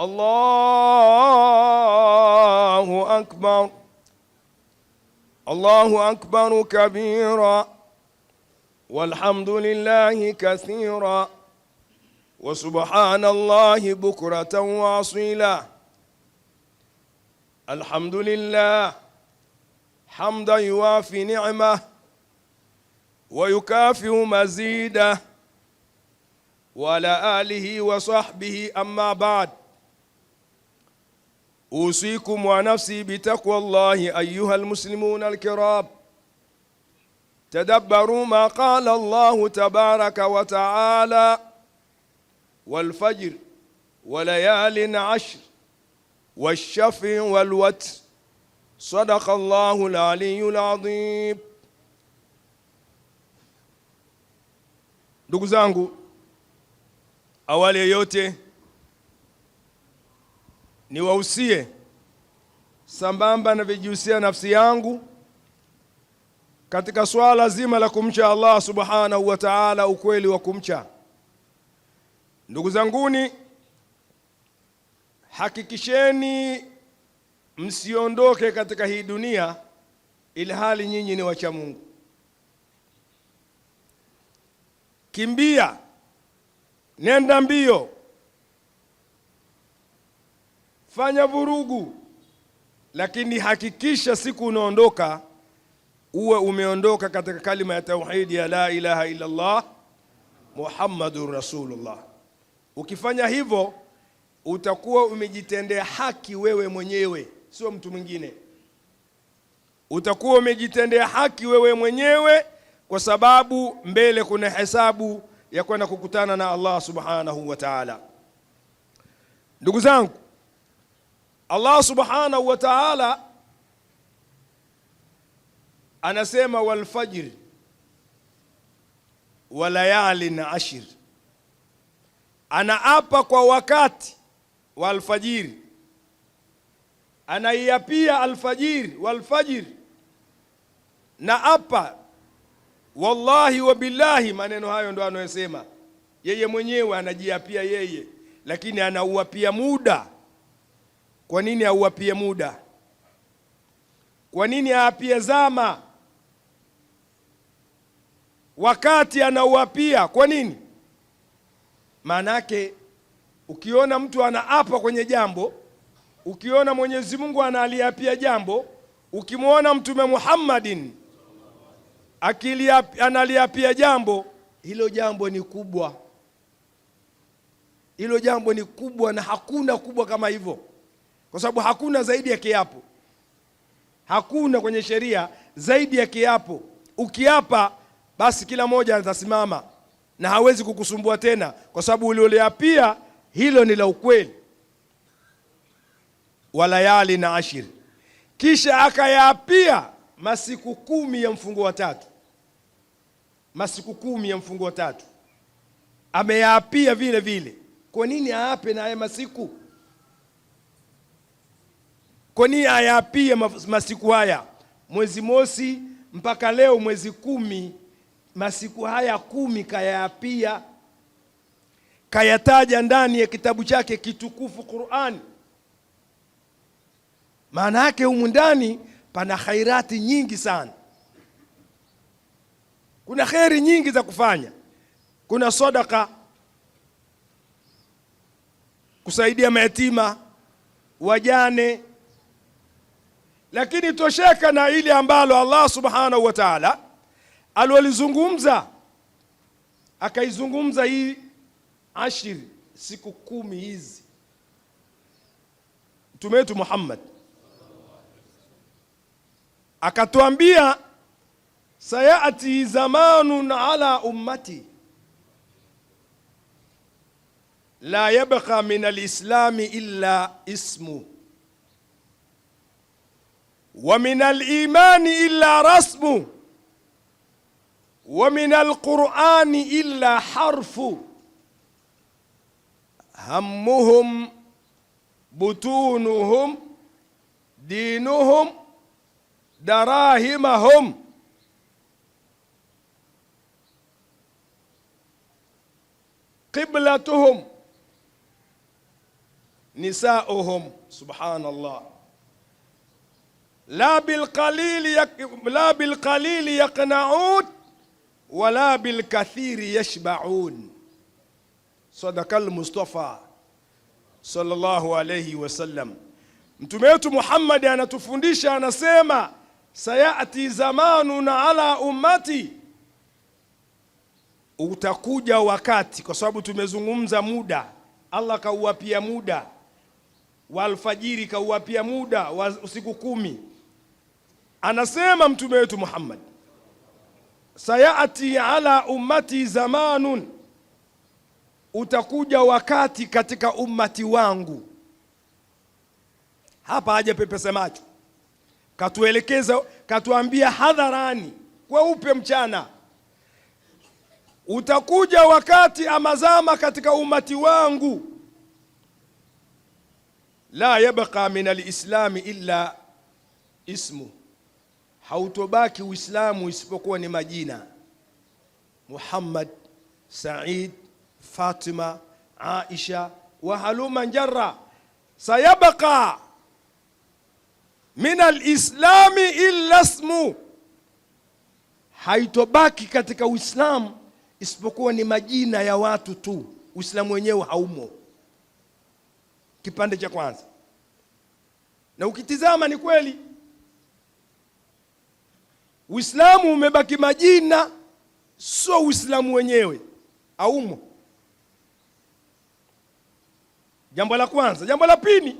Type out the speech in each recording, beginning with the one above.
الله أكبر الله أكبر كبيرا والحمد لله كثيرا وسبحان الله بكرة وأصيلا الحمد لله حمدا يوافي نعمه ويكافئ مزيدا وعلى آله وصحبه أما بعد أوصيكم ونفسي بتقوى الله أيها المسلمون الكرام تدبروا ما قال الله تبارك وتعالى والفجر وليال عشر والشفع والوتر صدق الله العلي العظيم دوغزانغو zangu يوتي niwahusie sambamba na vijihusia nafsi yangu katika swala zima la kumcha Allah subhanahu wa ta'ala, ukweli wa kumcha. Ndugu zanguni, hakikisheni msiondoke katika hii dunia ilhali nyinyi ni wacha Mungu. Kimbia, nenda mbio fanya vurugu, lakini hakikisha siku unaondoka uwe umeondoka katika kalima ya tauhidi ya la ilaha illa Allah Muhammadur Rasulullah. Ukifanya hivyo utakuwa umejitendea haki wewe mwenyewe, sio mtu mwingine. Utakuwa umejitendea haki wewe mwenyewe, kwa sababu mbele kuna hesabu ya kwenda kukutana na Allah subhanahu wa ta'ala. Ndugu zangu, Allah subhanahu wa ta'ala anasema walfajr wa layali na ashir, anaapa kwa wakati wa alfajiri, anaiapia alfajiri walfajiri na apa wallahi wa billahi. Maneno hayo ndo anayosema yeye mwenyewe, anajiapia yeye, lakini anauapia muda kwa nini auapie muda? Kwa nini aapie zama wakati anauapia? Kwa nini? Maana yake ukiona mtu anaapa kwenye jambo, ukiona Mwenyezi Mungu analiapia jambo, ukimwona Mtume Muhammadin analiapia jambo hilo, jambo ni kubwa, hilo jambo ni kubwa, na hakuna kubwa kama hivyo kwa sababu hakuna zaidi ya kiapo, hakuna kwenye sheria zaidi ya kiapo. Ukiapa basi kila mmoja atasimama na hawezi kukusumbua tena, kwa sababu ulioliapia hilo ni la ukweli. Walayali na ashiri, kisha akayaapia masiku kumi ya mfungo wa tatu, masiku kumi ya mfungo wa tatu ameyaapia vile vile. Kwa nini aape na haya masiku koni ayapie masiku haya mwezi mosi mpaka leo mwezi kumi, masiku haya kumi kayaapia kayataja ndani ya kitabu chake kitukufu Qur'ani. Maana yake humu ndani pana khairati nyingi sana, kuna kheri nyingi za kufanya, kuna sadaka, kusaidia mayatima, wajane lakini tosheka na ile ambalo Allah subhanahu wa ta'ala alilizungumza, akaizungumza hii ashiri, siku kumi hizi mtume wetu Muhammad akatuambia sayati zamanun ala ummati la yabqa min alislami illa ismu ومن الإيمان إلا رسم ومن القرآن إلا حرف همهم بطونهم دينهم دراهمهم قبلتهم نساؤهم سبحان الله la bilqalili yaqnaun wala bilkathiri yashbaun. Sadaka al-Mustafa sallallahu alayhi wasallam. Mtume wetu muhammadi anatufundisha anasema, sayati zamanun ala ummati, utakuja wakati, kwa sababu tumezungumza muda. Allah kauwapia muda wa alfajiri, kauwapia muda wa usiku kumi Anasema mtume wetu Muhammad, sayati ala ummati zamanun, utakuja wakati katika ummati wangu. Hapa aje pepese macho, katuelekeza, katuambia hadharani kweupe mchana, utakuja wakati amazama katika ummati wangu, la yabqa min alislami illa ismuh hautobaki Uislamu isipokuwa ni majina: Muhammad, Said, Fatima, Aisha wa haluma njara. Sayabqa min alislami illa ismu, haitobaki katika Uislamu isipokuwa ni majina ya watu tu, Uislamu wenyewe haumo. Kipande cha kwanza, na ukitizama ni kweli Uislamu umebaki majina, sio Uislamu wenyewe aumo. Jambo la kwanza. Jambo la pili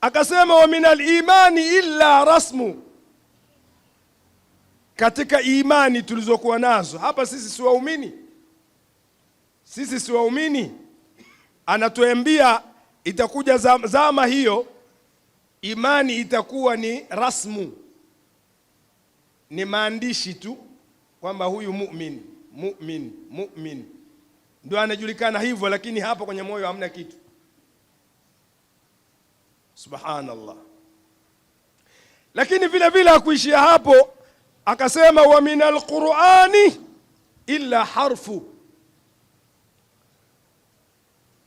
akasema, wa minal imani illa rasmu, katika imani tulizokuwa nazo hapa sisi si waumini, sisi si waumini. Anatuambia itakuja zama hiyo imani itakuwa ni rasmu ni maandishi tu kwamba huyu mumin mumin mumin ndio anajulikana hivyo, lakini hapo kwenye moyo hamna kitu. Subhanallah. Lakini vile vile akuishia hapo, akasema wa min alqurani illa harfu,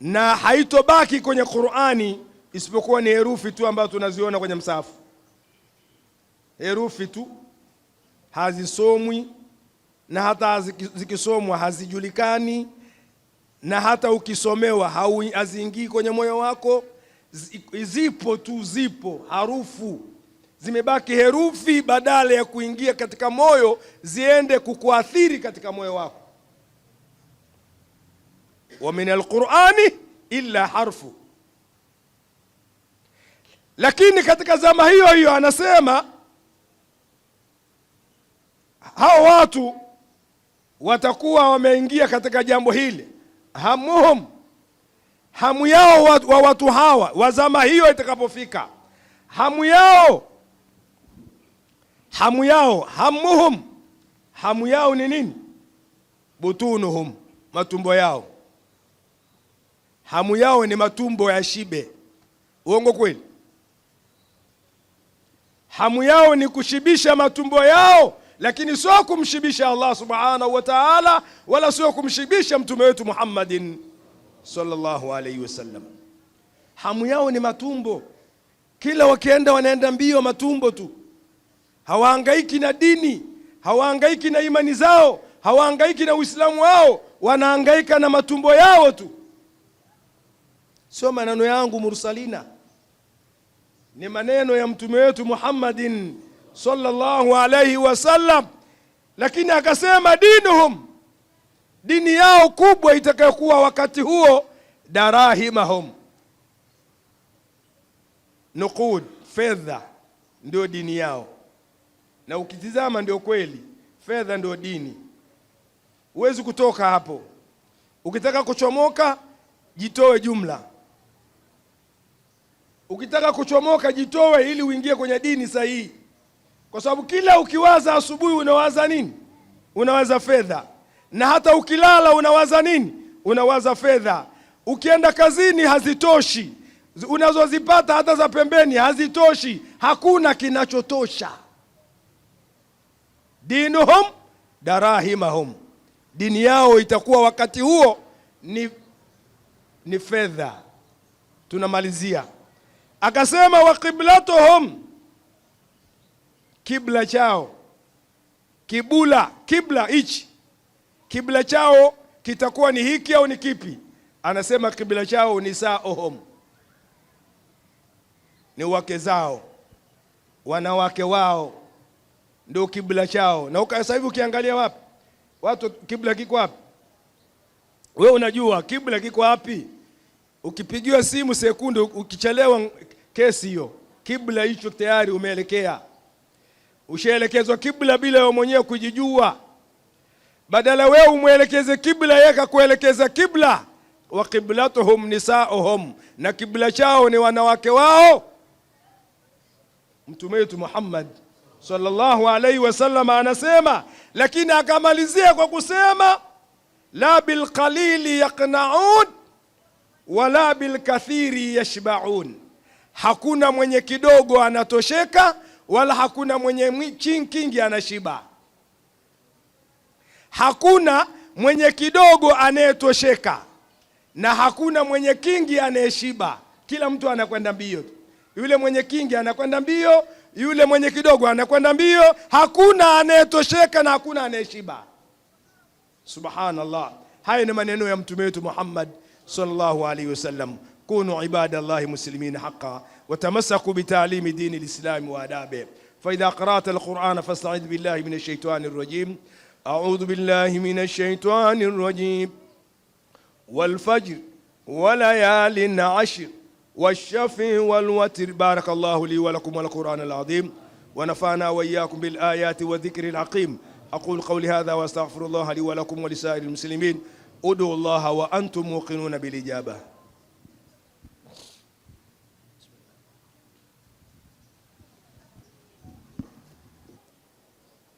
na haitobaki kwenye Qurani isipokuwa ni herufi tu ambazo tunaziona kwenye msafu, herufi tu hazisomwi na hata zikisomwa hazijulikani, na hata ukisomewa haziingii kwenye moyo wako. Zipo tu, zipo harufu, zimebaki herufi, badala ya kuingia katika moyo ziende kukuathiri katika moyo wako. wa min alqurani illa harfu. Lakini katika zama hiyo hiyo anasema hao watu watakuwa wameingia katika jambo hili, hamuhum, hamu yao wa watu hawa wa zama hiyo itakapofika, hamu yao, hamu yao, hamuhum, hamu yao ni nini? Butunuhum, matumbo yao. Hamu yao ni matumbo ya shibe. Uongo kweli? Hamu yao ni kushibisha matumbo yao lakini sio kumshibisha Allah subhanahu wa ta'ala, wala sio kumshibisha mtume wetu Muhammadin sallallahu alayhi wasallam. Hamu yao ni matumbo, kila wakienda wanaenda mbio matumbo tu, hawahangaiki na dini, hawahangaiki na imani zao, hawahangaiki na Uislamu wao, wanahangaika na matumbo yao tu. Sio maneno yangu mursalina, ni maneno ya mtume wetu Muhammadin sallallahu alayhi wasallam, lakini akasema dinuhum, dini yao kubwa itakayokuwa wakati huo darahimahum, nuqud, fedha ndio dini yao. Na ukitizama ndio kweli, fedha ndio dini, huwezi kutoka hapo. Ukitaka kuchomoka jitoe jumla, ukitaka kuchomoka jitoe ili uingie kwenye dini sahihi kwa sababu kila ukiwaza asubuhi unawaza nini? Unawaza fedha, na hata ukilala unawaza nini? Unawaza fedha. Ukienda kazini hazitoshi, unazozipata hata za pembeni hazitoshi, hakuna kinachotosha. Dinuhum darahimahum, dini yao itakuwa wakati huo ni, ni fedha. Tunamalizia akasema qiblatuhum kibla chao kibula kibla hichi kibla chao kitakuwa ni hiki au ni kipi? Anasema kibla chao ni saa ohom ni wake zao, wanawake wao ndio kibla chao. Na sasa hivi ukiangalia wapi watu kibla kiko wapi? Wewe unajua kibla kiko wapi? Ukipigiwa simu sekunde, ukichelewa kesi hiyo, kibla hicho tayari umeelekea ushaelekezwa kibla bila wewe mwenyewe kujijua. Badala wewe umwelekeze kibla, yeye akakuelekeza kibla. Wa qiblatuhum nisauhum, na kibla chao ni wanawake wao. Mtume wetu Muhammad sallallahu alaihi wasallam anasema, lakini akamalizia kwa kusema la bilqalili yaqnaun wala bilkathiri yashbaun, hakuna mwenye kidogo anatosheka wala hakuna mwenye kingi anashiba, hakuna mwenye kidogo anayetosheka, na hakuna mwenye kingi anayeshiba. Kila mtu anakwenda mbio tu, yule mwenye kingi anakwenda mbio, yule mwenye kidogo anakwenda mbio, hakuna anayetosheka na hakuna anayeshiba. Subhanallah, haya ni maneno ya mtume wetu Muhammad sallallahu alaihi wasallam, kunu ibadallahi muslimina haqqan وتمسكوا بتعليم دين الإسلام وآدابه فإذا قرأت القرآن فاستعذ بالله من الشيطان الرجيم أعوذ بالله من الشيطان الرجيم والفجر وليال عشر والشفع والوتر بارك الله لي ولكم والقرآن العظيم ونفعنا وإياكم بالآيات والذكر العقيم أقول قولي هذا وأستغفر الله لي ولكم ولسائر المسلمين ادعوا الله وأنتم موقنون بالإجابة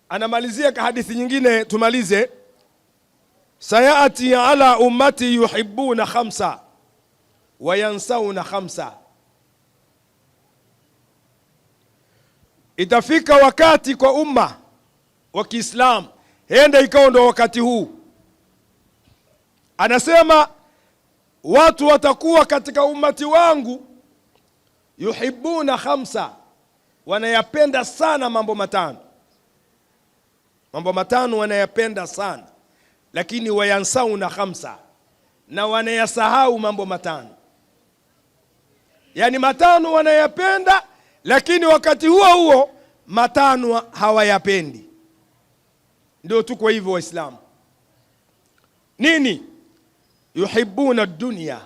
anamalizia ka hadithi nyingine tumalize. sayati ala ummati yuhibbuna khamsa wayansauna khamsa, itafika wakati kwa umma wa kiislam henda ikawa ndo wakati huu. Anasema watu watakuwa katika ummati wangu yuhibbuna khamsa, wanayapenda sana mambo matano Mambo matano wanayapenda sana, lakini wayansauna khamsa, na wanayasahau mambo matano. Yaani matano wanayapenda, lakini wakati huo huo matano hawayapendi. Ndio tuko hivyo Waislamu. Nini? yuhibuna dunia.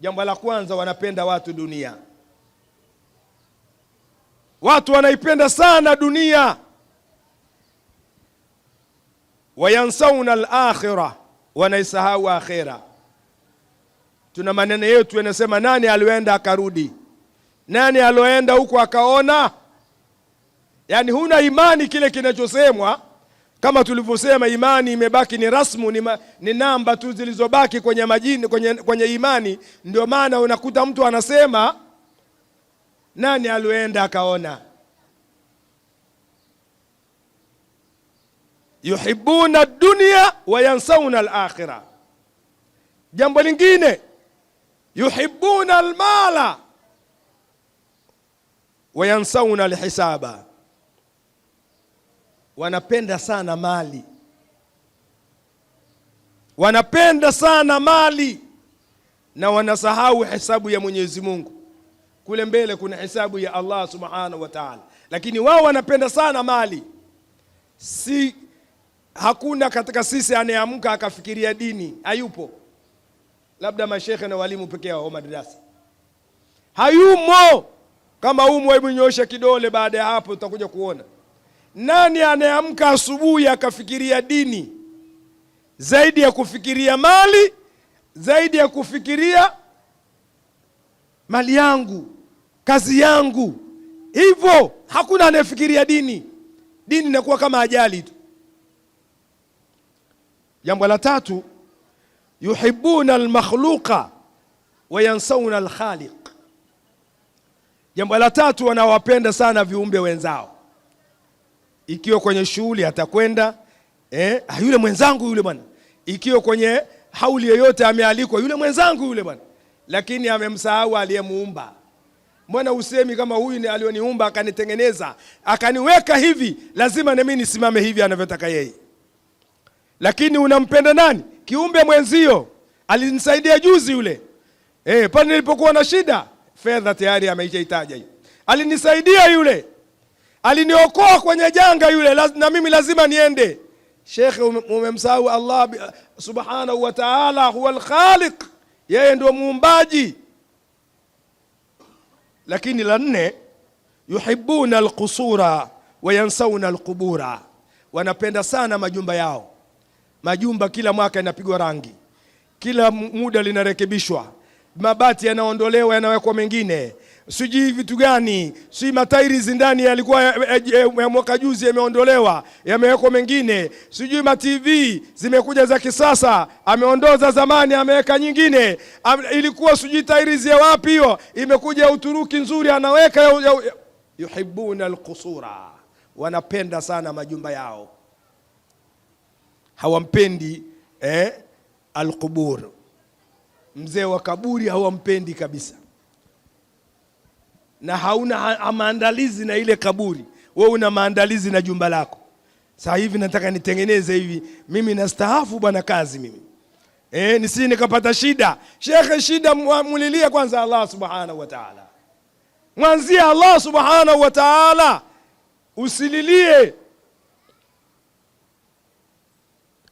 Jambo la kwanza, wanapenda watu dunia. Watu wanaipenda sana dunia wayansauna alakhira, wanaisahau akhira. Tuna maneno yetu yanasema, nani alioenda akarudi? Nani alioenda huko akaona? Yaani huna imani kile kinachosemwa kama tulivyosema, imani imebaki ni rasmu, ni, ma, ni namba tu zilizobaki kwenye majini, kwenye, kwenye imani. Ndio maana unakuta mtu anasema nani alioenda akaona yuhibbuna dunya wa yansauna al-akhirah. Jambo lingine yuhibbuna lmala wa yansauna alhisaba, wanapenda sana mali, wanapenda sana mali na wanasahau hisabu ya Mwenyezi Mungu. Kule mbele kuna hisabu ya Allah subhanahu wa ta'ala, lakini wao wanapenda sana mali si Hakuna katika sisi anayeamka akafikiria dini, hayupo. Labda mashehe na walimu pekee wa madrasa, hayumo. Kama umo, hebu nyosha kidole. Baada ya hapo, utakuja kuona nani anayeamka asubuhi akafikiria dini zaidi ya kufikiria mali, zaidi ya kufikiria mali yangu, kazi yangu. Hivyo hakuna anayefikiria dini. Dini inakuwa kama ajali tu. Jambo la tatu, yuhibbuna almakhluqa wa yansauna alkhaliq. Jambo la tatu, wanawapenda sana viumbe wenzao, ikiwa kwenye shughuli atakwenda eh, ah, yule mwenzangu yule bwana, ikiwa kwenye hauli yoyote amealikwa yule mwenzangu yule bwana, lakini amemsahau aliyemuumba. Mbona usemi kama huyu ni alioniumba akanitengeneza akaniweka hivi, lazima na mimi nisimame hivi anavyotaka yeye lakini unampenda nani? Kiumbe mwenzio. Alinisaidia juzi yule e, pale nilipokuwa na shida, fedha tayari ameishaitaja hiyo. Alinisaidia yule, aliniokoa kwenye janga yule, na mimi lazima niende. Shekhe, umemsahau Allah subhanahu wa ta'ala, huwa al-khaliq, yeye ndio muumbaji. Lakini la nne, yuhibbuna alqusura wayansauna alqubura, wanapenda sana majumba yao Majumba kila mwaka yanapigwa rangi, kila muda linarekebishwa, mabati yanaondolewa, yanawekwa mengine, sijui vitu gani, sijui matairi zindani yalikuwa ya, ya, ya, ya mwaka juzi yameondolewa, yamewekwa mengine, sijui ma TV zimekuja za kisasa, ameondoza zamani, ameweka nyingine, am, ilikuwa sijui tairi zia wapi hiyo, imekuja ya Uturuki nzuri, anaweka yuhibuna alqusura, wanapenda sana majumba yao hawampendi eh, alqubur, mzee wa kaburi hawampendi kabisa, na hauna ha maandalizi na ile kaburi. Wewe una maandalizi na jumba lako. Sasa hivi nataka nitengeneze hivi, mimi nastaafu bwana kazi mimi eh, nisi nikapata shida. Shekhe, shida mulilia kwanza Allah subhanahu wa ta'ala, mwanzie Allah subhanahu wa ta'ala, usililie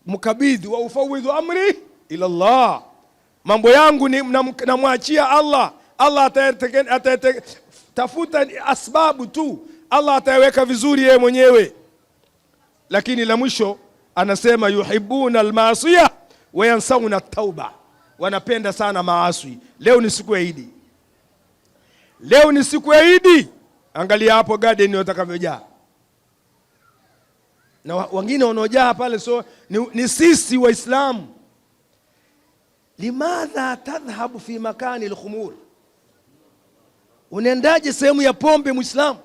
mkabidhi, wa ufawidhu amri ila Allah, mambo yangu namwachia Allah. Allah atatafuta asbabu tu, Allah ataweka vizuri yeye mwenyewe. Lakini la mwisho anasema yuhibbuna almaasiya wa yansauna tauba, wanapenda sana maaswi. Leo ni siku ya Idi, leo ni siku ya Idi. Angalia hapo garden watakavyojaa na wengine wanaojaa pale, so ni, ni sisi Waislamu. Limadha tadhhabu fi makani lkhumur, unaendaje sehemu ya pombe Mwislamu?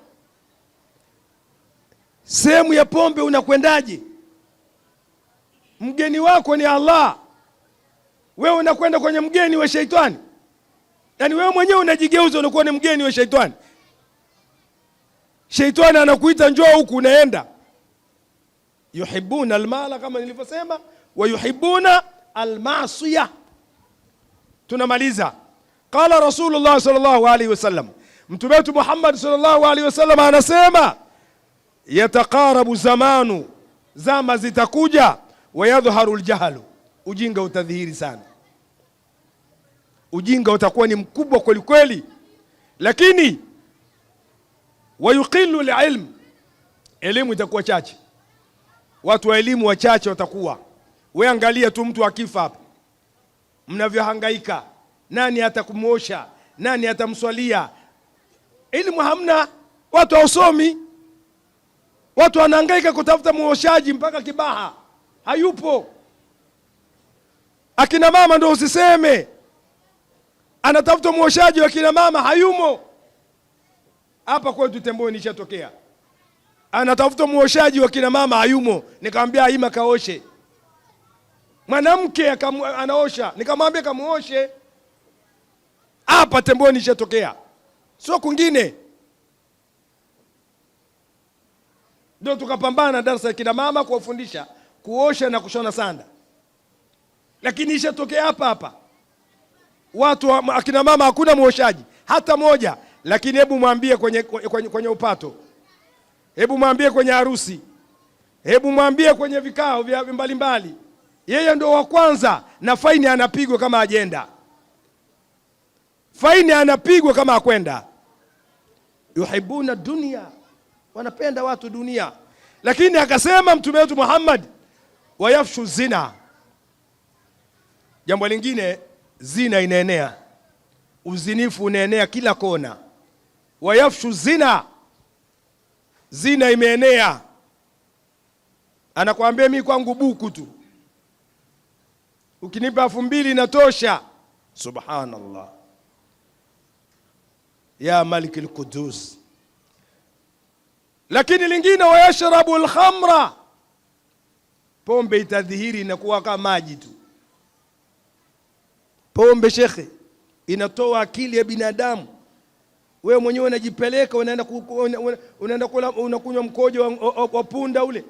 Sehemu ya pombe unakwendaje? Mgeni wako ni Allah, wewe unakwenda kwenye mgeni wa sheitani. Yaani wewe mwenyewe unajigeuza unakuwa ni mgeni wa sheitani. Sheitani anakuita njoo huku, unaenda yuhibuna almala kama nilivyosema, wayuhibuna yuhibbuna almasiya. Tunamaliza, qala Rasulullah sallallahu alaihi wasallam, mtume wetu Muhammad sallallahu alaihi wasallam anasema yataqarabu zamanu, zama zitakuja, wayadhharu ljahlu, ujinga utadhihiri sana, ujinga utakuwa ni mkubwa kwelikweli lakini wayuqilu lilm, elimu itakuwa chache watu wa elimu wachache watakuwa. We angalia tu mtu akifa hapa, mnavyohangaika, nani atakumwosha? Nani atamswalia? Elimu hamna, watu hausomi, watu wanahangaika kutafuta mwoshaji mpaka Kibaha hayupo. Akina mama ndo usiseme, anatafuta mwoshaji wa kina mama hayumo. Hapa kwetu Temboni ishatokea anatafuta muoshaji wa kina mama hayumo, nikamwambia Aima kaoshe. Mwanamke anaosha, nikamwambia kamuoshe. Hapa Temboni ishatokea, sio kwingine. Ndio tukapambana darasa ya kina mama kuwafundisha kuosha na kushona sanda, lakini ishatokea hapa hapa watu akina mama hakuna muoshaji hata moja. Lakini hebu mwambie kwenye, kwenye, kwenye upato hebu mwambie kwenye harusi, hebu mwambie kwenye vikao vya mbalimbali, yeye ndo wa kwanza, na faini anapigwa kama ajenda, faini anapigwa kama akwenda. Yuhibuna dunia, wanapenda watu dunia, lakini akasema mtume wetu Muhammad, wayafshu zina. Jambo lingine, zina inaenea, uzinifu unaenea kila kona, wayafshu zina zina imeenea, anakuambia mimi kwangu buku tu, ukinipa elfu mbili inatosha. Subhanallah ya malik Qudus. Lakini lingine wayashrabu lkhamra, pombe itadhihiri inakuwa kama maji tu. Pombe shekhe, inatoa akili ya binadamu wewe mwenyewe unajipeleka, unaenda unaenda kula, unakunywa mkojo wa punda ule.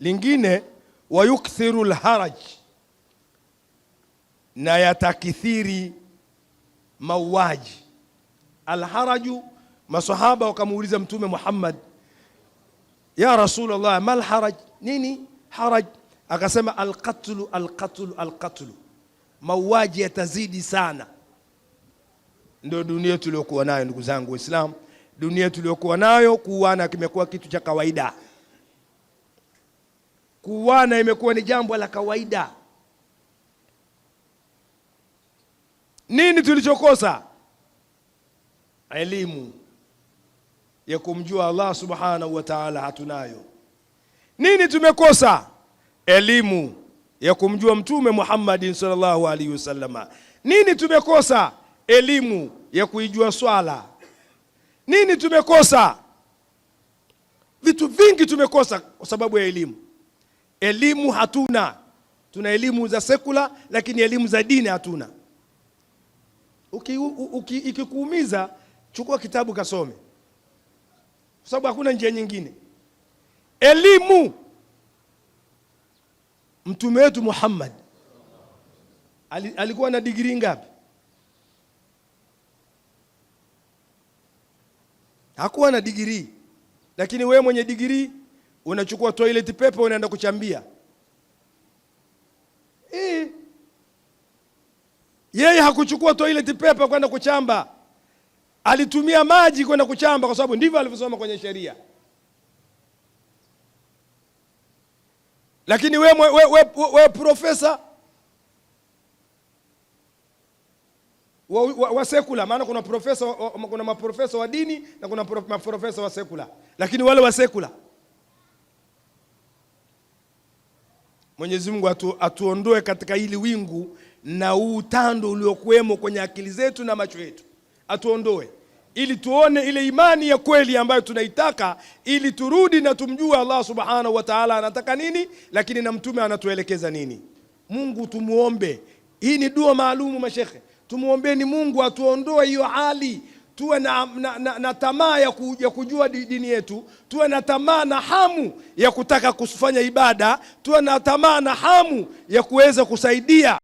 Lingine wayukthiru lharaj, na yatakithiri mauaji. Alharaju, masahaba wakamuuliza Mtume Muhammad, ya Rasulullah, mal haraj, nini haraj? Akasema alqatlu, alqatlu, alqatlu mauaji yatazidi sana. Ndio dunia tuliokuwa nayo, ndugu zangu Waislamu. Dunia tuliokuwa nayo, kuuana kimekuwa kitu cha kawaida. Kuuana imekuwa ni jambo la kawaida. Nini tulichokosa? Elimu ya kumjua Allah subhanahu wa ta'ala hatunayo. Nini tumekosa? Elimu ya kumjua Mtume Muhammadin sallallahu alaihi wasallama. Nini tumekosa? Elimu ya kuijua swala. Nini tumekosa? Vitu vingi tumekosa kwa sababu ya elimu. Elimu hatuna, tuna elimu za sekula, lakini elimu za dini hatuna. Ikikuumiza chukua kitabu kasome, kwa sababu hakuna njia nyingine. Elimu Mtume wetu Muhammad alikuwa na digrii ngapi? Hakuwa na digrii, lakini wewe mwenye digrii unachukua toilet paper unaenda kuchambia e. Yeye hakuchukua toilet paper kwenda kuchamba, alitumia maji kwenda kuchamba, kwa sababu ndivyo alivyosoma kwenye sheria. Lakini we, we, we, we profesa wa, wa, wa sekula, maana kuna profesa wa, kuna maprofesa wa dini na kuna maprofesa wa sekula, lakini wale wa sekula Mwenyezi Mungu atu, atuondoe katika hili wingu na utando uliokuwemo kwenye akili zetu na macho yetu, atuondoe ili tuone ile imani ya kweli ambayo tunaitaka, ili turudi na tumjue Allah subhanahu wa ta'ala anataka nini, lakini na mtume anatuelekeza nini. Mungu tumuombe, hii ni dua maalumu mashekhe, tumuombeni Mungu atuondoe hiyo hali tuwe na, na, na, na tamaa ya, ku, ya kujua dini yetu, tuwe na tamaa na hamu ya kutaka kufanya ibada, tuwe na tamaa na hamu ya kuweza kusaidia